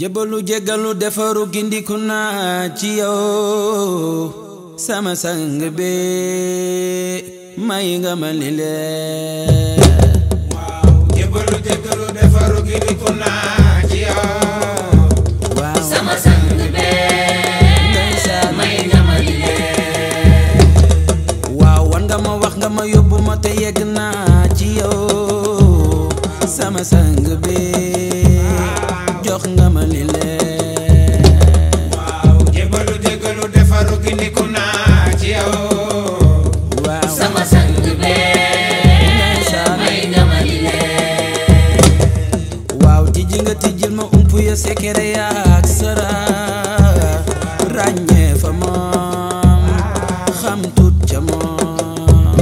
jëbalu jéggalu defaru gindiku naa ci yow sama sang bi may nga ma li ràññee fa moom xam tut ca moom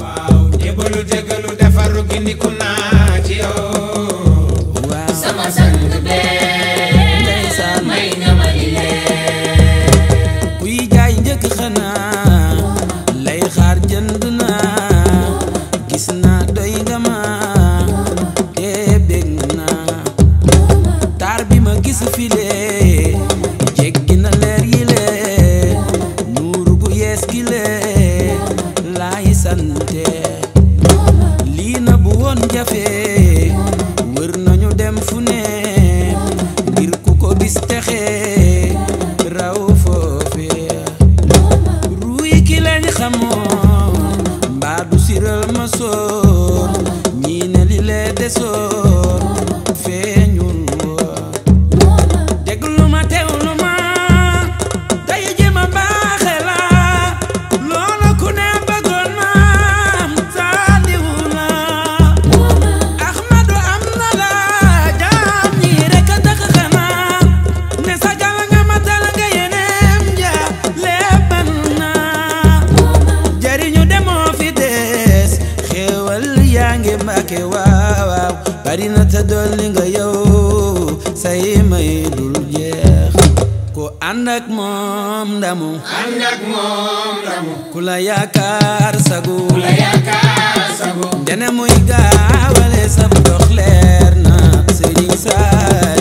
waaw jébalu jégalu defaru gindiku naa mbaa du siral ma soor ñii ne li lee desoor bari na te nga yow say may dul jeex ku moom ndamu ànd moom ndamu ku la yaakaar sagu ku la muy gaawale sab dox leer na sëriñ saa